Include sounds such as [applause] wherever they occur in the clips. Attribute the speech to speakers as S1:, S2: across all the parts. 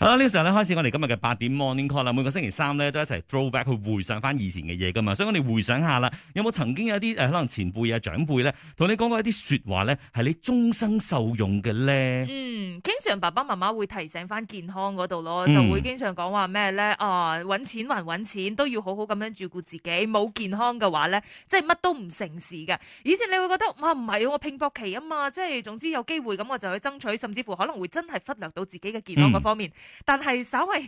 S1: 好啦，呢、這個時候咧開始，我哋今日嘅八點 morning call 啦。每個星期三咧都一齊 throwback 去回想翻以前嘅嘢噶嘛，所以我哋回想下啦，有冇曾經有啲誒可能前輩啊長輩咧，同你講過一啲說話咧，係你終生受用嘅咧？嗯，
S2: 經常爸爸媽媽會提醒翻健康嗰度咯，就會經常講話咩咧？啊，搵錢還搵錢，都要好好咁樣照顧自己。冇健康嘅話咧，即係乜都唔成事嘅。以前你會覺得哇，唔係我拼搏期啊嘛，即係總之有機會咁，我就去爭取，甚至乎可能會真係忽略到自己嘅健康嗰方面。嗯但係稍微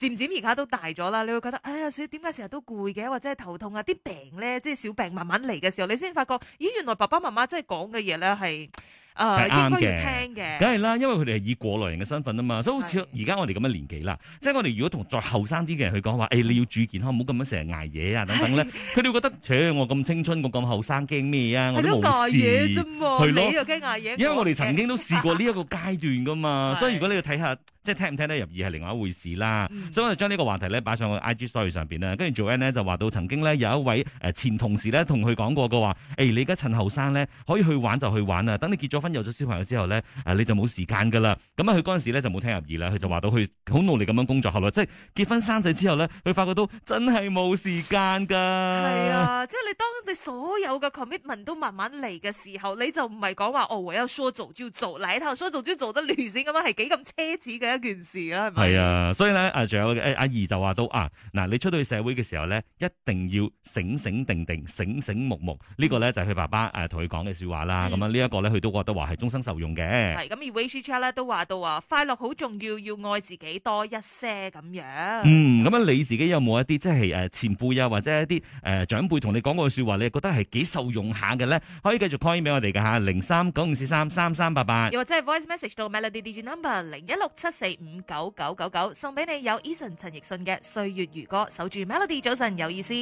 S2: 漸漸而家都大咗啦，你會覺得，哎呀，點解成日都攰嘅？或者係頭痛啊？啲病咧，即係小病慢慢嚟嘅時候，你先發覺，咦，原來爸爸媽媽真係講嘅嘢咧係誒應該要聽嘅。梗係
S1: 啦，因為佢哋係以過來人嘅身份啊嘛，的所以好似而家我哋咁嘅年紀啦，即係我哋如果同再後生啲嘅人去講話，誒、哎，你要注意健康，唔好咁樣成日捱夜啊的等等咧，佢哋會覺得，切、呃，我咁青春，我咁後生，驚咩啊？我冇事。捱夜啫嘛，拿你又驚捱
S2: 夜。因為我哋曾經都試過呢
S1: 一個階段噶嘛，的所以如果你要睇下。即係聽唔聽得入耳係另外一回事啦，嗯、所以我就將呢個話題咧擺上去 I G Story 上邊咧，跟住 Joanne 就話到曾經咧有一位誒前同事咧同佢講過嘅話，誒、欸、你而家趁後生咧可以去玩就去玩啊。等你結咗婚有咗小朋友之後咧，啊、呃、你就冇時間噶啦。咁啊佢嗰陣時咧就冇聽入耳啦，佢就話到佢好努力咁樣工作，後來即係結婚生仔之後咧，佢發覺到真係冇時間噶。係啊，
S2: 即係你當你所有嘅 commitment 都慢慢嚟嘅時候，你就唔係講話哦唯有說做就做，嚟一套說做就做得亂線咁樣，係幾咁奢侈嘅。一件事咯，
S1: 係咪？係啊，所以咧，誒，仲有誒，阿二就話到啊，嗱，你出到去社會嘅時候咧，一定要醒醒定定、醒醒目目。呢個咧就係佢爸爸誒同佢講嘅說話啦。咁樣呢一個咧，佢都覺得話係終生受用嘅。係
S2: 咁，而 Rachel 咧都話到話，快樂好重要，要愛自己多一些咁樣。
S1: 嗯，咁樣你自己有冇一啲即係誒前輩啊，或者一啲誒長輩同你講過嘅說話，你係覺得係幾受用下嘅咧？可以繼續 call 俾我哋㗎吓，零三九五四三三三八八，又
S2: 或者係 voice message 到 Melody D G number 零一六七。四五九九九九送俾你，有 Eason 陳奕迅嘅《歲月如歌》，守住 Melody，早晨有意思。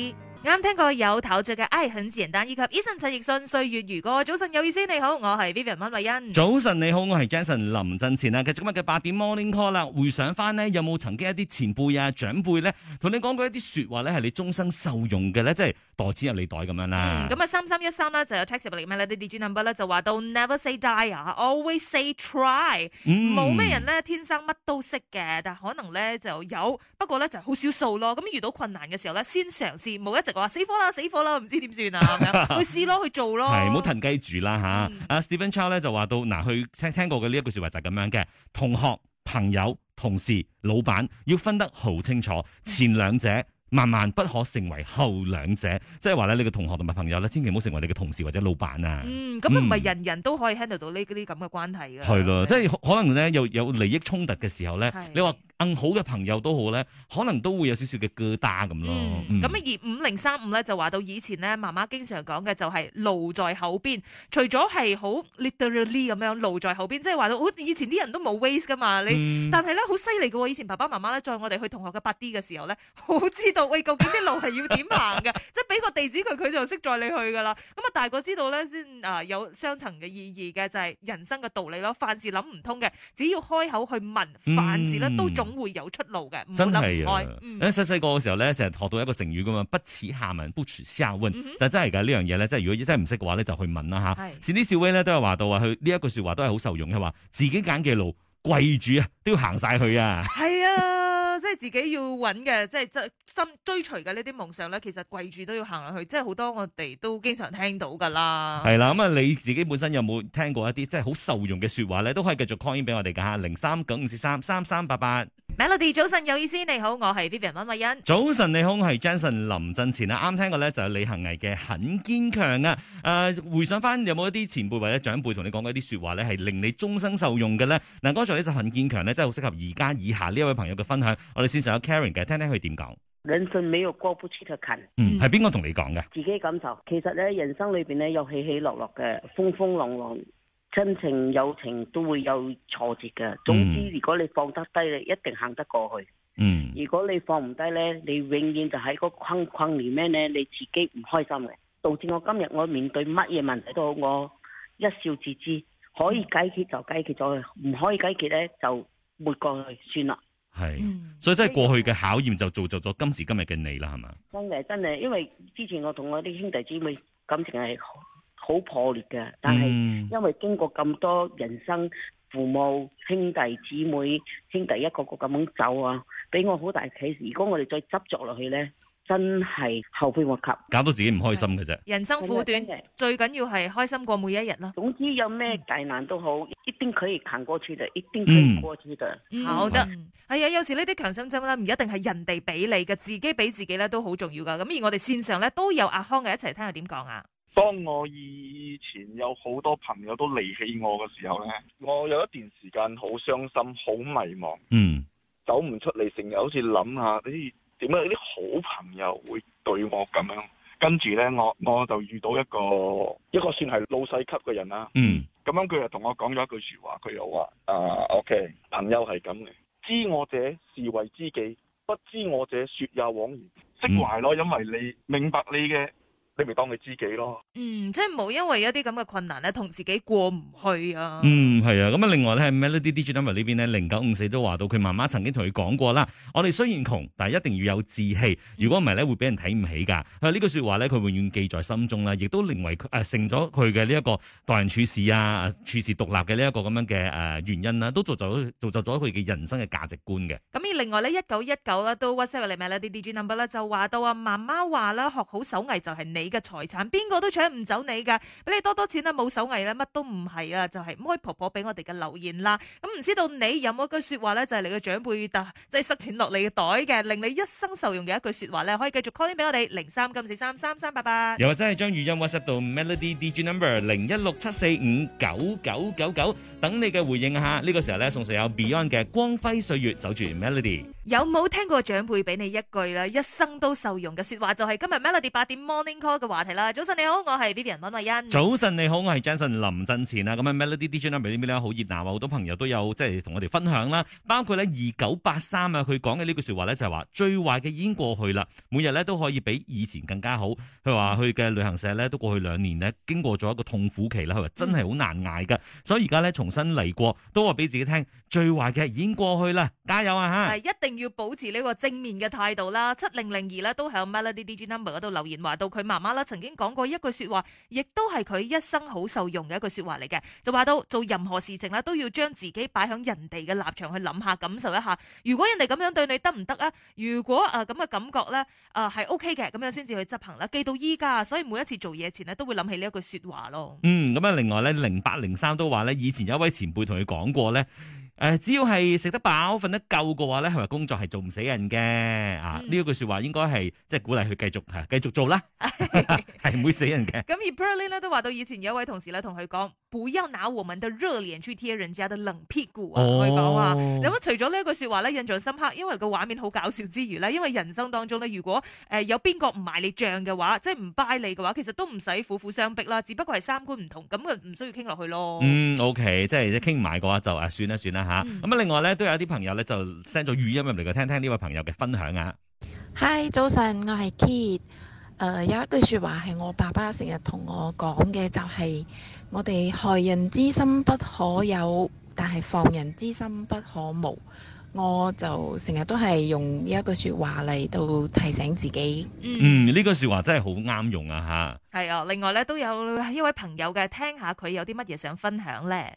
S2: 啱聽過有頭緒嘅《愛很簡單》，以及醫生《Eason 陳奕迅歲月如歌》。早晨有意思，你好，我係 Vivian 溫慧欣。
S1: 早晨你好，我係 Jason 林振前啊！繼續今日嘅八點 Morning Call 啦，回想翻呢，有冇曾經一啲前輩啊、長輩咧，同你講過一啲說話咧，係你終生受用嘅咧，即係袋錢入你袋咁樣啦。
S2: 咁啊、嗯，三三一三呢，就有 text 入你咩呢？啲 digit number 呢，就話到 Never say die，always say try。冇咩、嗯、人咧天生乜都識嘅，但可能咧就有，不過呢，就好、是、少數咯。咁遇到困難嘅時候呢，先嘗試冇一。死火啦，死火啦，唔知點算啊？去試咯，去做咯，係唔好
S1: 騰雞住啦吓。阿、嗯、Stephen Chow 咧就話到，嗱，去聽聽過嘅呢一句說話就係咁樣嘅。同學、朋友、同事、老闆要分得好清楚，前兩者萬萬不可成為後兩者，即係話咧，你嘅同學同埋朋友咧，千祈唔好成為你嘅同事或者老闆啊。嗯，咁唔係
S2: 人人都可以 handle 到呢啲咁嘅關係噶。係
S1: 咯，即係可能咧有有利益衝突嘅時候咧，的你話。更、嗯、好嘅朋友都好咧，可能都會有少少嘅疙瘩咁咯。咁、嗯、
S2: 而五零三五咧就話到以前咧，媽媽經常講嘅就係路在口邊，除咗係好 literally 咁樣路在口邊，即係話到以前啲人都冇 waste 噶嘛。你、嗯、但係咧好犀利嘅以前爸爸媽媽咧載我哋去同學嘅八 D 嘅時候咧，好知道喂究竟啲路係要點行嘅， [laughs] 即係俾個地址佢，佢就識載你去噶啦。咁啊大個知道咧先啊有雙層嘅意義嘅就係、是、人生嘅道理咯。凡事諗唔通嘅，只要開口去問，凡事咧都仲、嗯。總會有出路嘅，唔能愛。誒細細
S1: 個嘅時候咧，成日學到一個成語噶嘛，不恥下問，不恥下問就真係㗎、這個、呢樣嘢咧，即係如果真係唔識嘅話咧，就去問啦嚇。是前啲師威咧都有話到話，佢呢一句説話都係好受用嘅話，自己揀嘅路跪住啊，都要行晒去啊。
S2: 即係自己要揾嘅，即係即心追隨嘅呢啲夢想咧，其實跪住都要行落去。即係好多我哋都經常聽到噶啦。係
S1: 啦，咁、嗯、啊你自己本身有冇聽過一啲即係好受用嘅說話咧？都可以繼續 call in 俾我哋噶吓，零三九五四三三三八八。
S2: Melody，早晨有意思，你好，我係 Vivian 温慧欣。
S1: 早晨你好，我係 Jensen 林振前啊！啱聽過咧就係李恒毅嘅《很堅強》啊！誒、呃，回想翻有冇一啲前輩或者長輩同你講過一啲說話咧，係令你終生受用嘅咧？嗱、啊，剛才呢就《很堅強》咧，真係好適合而家以下呢一位朋友嘅分享。我哋線上有 Karen 嘅，聽聽佢點講。人生沒有過不去嘅坎，嗯，係邊個同你講嘅？自己感受。其實咧，人生裏邊咧有起起落落嘅，風風浪浪。親情友情都會有挫折嘅，總之如果你放得低，你一定行得過去。嗯，如果你放唔低呢，你永遠就喺個框框裏面呢？你自己唔開心嘅。導致我今日我面對乜嘢問題都好，我一笑置之，可以解決就解決咗，唔可以解決呢，就抹過去算啦。係，所以真係過去嘅考驗就造就咗今時今日嘅你啦，係嘛、嗯。真嘅真嘅，因為之前我同我啲兄弟姊妹感情係好破裂嘅，但係因為經過咁多人生，嗯、父母、兄弟、姊妹、兄弟一個個咁樣走啊，俾我好大啟示。如果我哋再執着落去咧，真係後悔莫及，搞到自己唔開心嘅啫。人
S2: 生苦短，是是最緊要係開心過每一日咯。總之有咩計難都好，嗯、一，一定可以行過去嘅，一定可以行過去嘅。嗯、好得的！係啊，有時呢啲強心針咧，唔一定係人哋俾你嘅，自己俾自己咧都好重要噶。咁而我哋線上咧都有阿康嘅一齊聽下點講啊。
S1: 當我以前有好多朋友都離棄我嘅時候呢，我有一段時間好傷心、好迷茫，嗯，走唔出嚟，成日好似諗下呢點解啲好朋友會對我咁樣？跟住呢，我我就遇到一個、哦、一個算係老細級嘅人啦，嗯，咁樣佢又同我講咗一句說話，佢又話：嗯、啊，OK，、嗯、朋友係咁嘅，知我者是為知己，不知我者說也枉然，釋懷咯，因為你明白你嘅。
S2: 你咪當佢知己咯，嗯，即係冇因為一啲咁嘅困難咧，同自己過唔去
S1: 啊，嗯，係啊，咁啊，另外咧 Melody DG Number 呢邊呢？零九五四都話到佢媽媽曾經同佢講過啦，我哋雖然窮，但係一定要有志氣，如果唔係咧，會俾人睇唔起噶。佢呢句說話咧，佢永遠記在心中啦，亦都令為誒成咗佢嘅呢一個待人處事啊，處事獨立嘅呢一個咁樣嘅誒原因啦，都造就造就咗佢嘅人生嘅價值觀嘅。
S2: 咁而另外咧，一九一九啦，都 WhatsApp 嚟 Melody DG Number 咧，就話到啊：「媽媽話啦，學好手藝就係你。嘅財產，邊個都搶唔走你噶，俾你多多錢啦，冇手藝啦，乜都唔係啊，就係開婆婆俾我哋嘅留言啦。咁唔知道你有冇一句説話咧，就係你嘅長輩就係塞錢落你嘅袋嘅，令你一生受用嘅一句説話咧，可以繼續 call 啲俾我哋零三九四三三三八八，又
S1: 或者係將語音 WhatsApp 到 Melody DJ Number 零一六七四五九九九九，等你嘅回應嚇。呢個時候咧，送上有 Beyond 嘅《光輝歲月》守住 Melody。
S2: 有冇聽過長輩俾你一句咧，一生都受用嘅説話？就係今日 Melody 八點 Morning Call。嘅話題啦，早晨你好，我係 Vivian 溫慧欣。早
S1: 晨你好，我係 Jensen 林振前啊。咁啊，Melody DJ number 呢邊好熱鬧啊，好多朋友都有即係同我哋分享啦。包括咧二九八三啊，佢講嘅呢句說話咧就係話最壞嘅已經過去啦，每日咧都可以比以前更加好。佢話佢嘅旅行社咧都過去兩年咧經過咗一個痛苦期啦，佢話真係好難捱噶，嗯、所以而家咧重新嚟過，都話俾自己聽最壞嘅已經過去啦，加油啊吓！係一
S2: 定要保持呢個正面嘅態度啦。七零零二咧都喺 Melody DJ number 嗰度留言話到佢媽媽啦，媽媽曾經講過一句說話，亦都係佢一生好受用嘅一句說話嚟嘅，就話到做任何事情都要將自己擺喺人哋嘅立場去諗下，感受一下。如果人哋咁樣對你得唔得啊？如果誒咁嘅感覺咧，OK，誒係 OK 嘅，咁樣先至去執行啦。記到依家，所以每一次做嘢前咧，都會諗起呢一句說話咯。嗯，
S1: 咁啊，另外咧，零八零三都話咧，以前有一位前輩同佢講過咧。誒、呃，只要係食得飽、瞓得夠嘅話咧，係咪工作係做唔死人嘅啊！呢一、嗯、句說話應該係即係鼓勵佢繼續、啊、繼續做啦，係唔 [laughs] [laughs] 會死人嘅。咁、
S2: 嗯、而 Berlin 都話到以前有一位同事咧同佢講，不要拿我們的熱臉去貼人家的冷屁股啊！佢講啊，咁啊，除咗呢一句說話咧印象深刻，因為個畫面好搞笑之餘咧，因為人生當中咧，如果誒、呃、有邊個唔買你賬嘅話，即係唔 buy 你嘅話，其實都唔使苦苦相逼啦，只不過係三觀唔同，咁佢唔需要傾落去咯。
S1: 嗯，OK，即係傾唔埋嘅話就算啦、嗯、算啦。算吓咁啊！嗯、另外咧，都有啲朋友咧就 send 咗語音入嚟，佢聽聽呢位朋友嘅分享啊、嗯、
S2: ！Hi，早晨，我係 Kit。誒、呃，有一句說話係我爸爸成日同我講嘅，就係、是、我哋害人之心不可有，但係防人之心不可無。我就成日都係用呢一句說話嚟到提醒自己、
S1: 嗯。嗯，呢句說話真係好啱用啊！吓
S2: 係啊！另外咧，都有呢位朋友嘅，聽下佢有啲乜嘢想分享咧。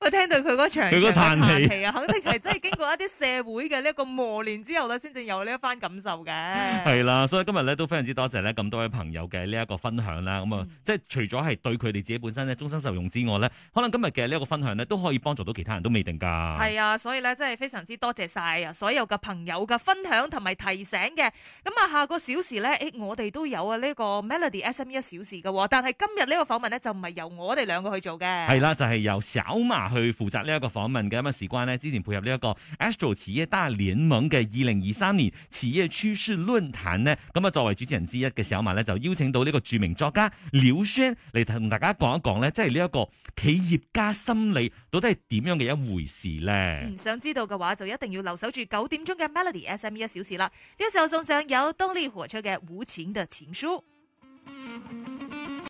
S2: 對佢嗰場嘅嘆氣啊，他的肯定係真係經過一啲社會嘅呢一個磨練之後咧，先至有呢一番感受嘅。
S1: 係啦，所以今日咧都非常之多謝咧咁多位朋友嘅呢一個分享啦。咁啊，即係除咗係對佢哋自己本身咧終身受用之外咧，可能今日嘅呢一個分享呢都可以幫助到其他人都未定噶。係
S2: 啊，所以咧真係非常之多謝晒啊所有嘅朋友嘅分享同埋提醒嘅。咁啊，下個小時咧，誒我哋都有啊呢個 Melody S M E 一小時嘅，但係今日呢個訪問呢，就唔係由我哋兩個去做嘅。係啦，就
S1: 係、是、由小馬去。負責呢一個訪問嘅。咁啊，事關呢，之前配合呢一個 Astro 企業大聯盟嘅二零二三年企業趨勢論壇呢。咁啊，作為主持人之一嘅小馬呢，就邀請到呢個著名作家廖宣嚟同大家講一講呢，即係呢一個企業家心理到底係點樣嘅一回事呢？
S2: 唔想知道嘅話就一定要留守住九點鐘嘅 Melody S M 一小時啦，呢、這個時候送上有 Donny 何出嘅冇錢嘅錢書。